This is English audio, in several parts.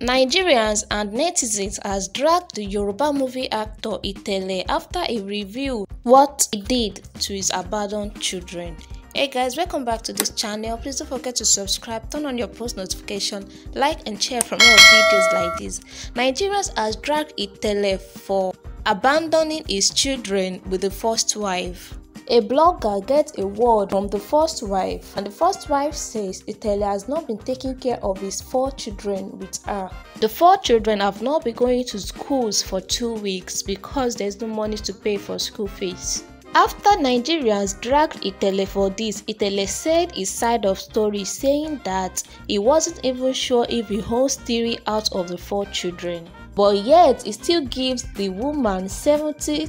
Nigerians and netizens has dragged the Yoruba movie actor Itele after a review what he did to his abandoned children. Hey guys, welcome back to this channel. Please don't forget to subscribe, turn on your post notification, like and share for more videos like this. Nigerians has dragged Itele for abandoning his children with the first wife. A blogger gets a word from the first wife, and the first wife says Italy has not been taking care of his four children with her. The four children have not been going to schools for two weeks because there's no money to pay for school fees. After Nigerians dragged Itele for this, Itele said his side of story saying that he wasn't even sure if he holds theory out of the four children but yet it still gives the woman 70,000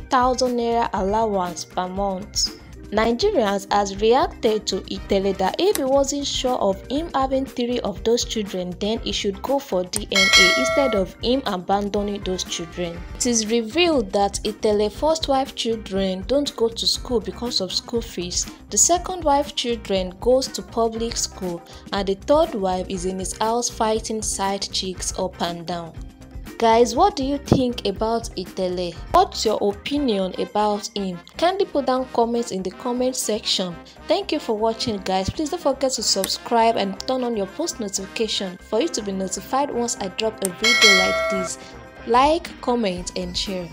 naira allowance per month. Nigerians has reacted to Itele that if he wasn't sure of him having three of those children, then he should go for DNA instead of him abandoning those children. It is revealed that Itele's first wife children don't go to school because of school fees. The second wife children goes to public school and the third wife is in his house fighting side chicks up and down. Guys, what do you think about Itele? What's your opinion about him? Kindly put down comments in the comment section. Thank you for watching guys. Please don't forget to subscribe and turn on your post notification for you to be notified once I drop a video like this. Like, comment and share.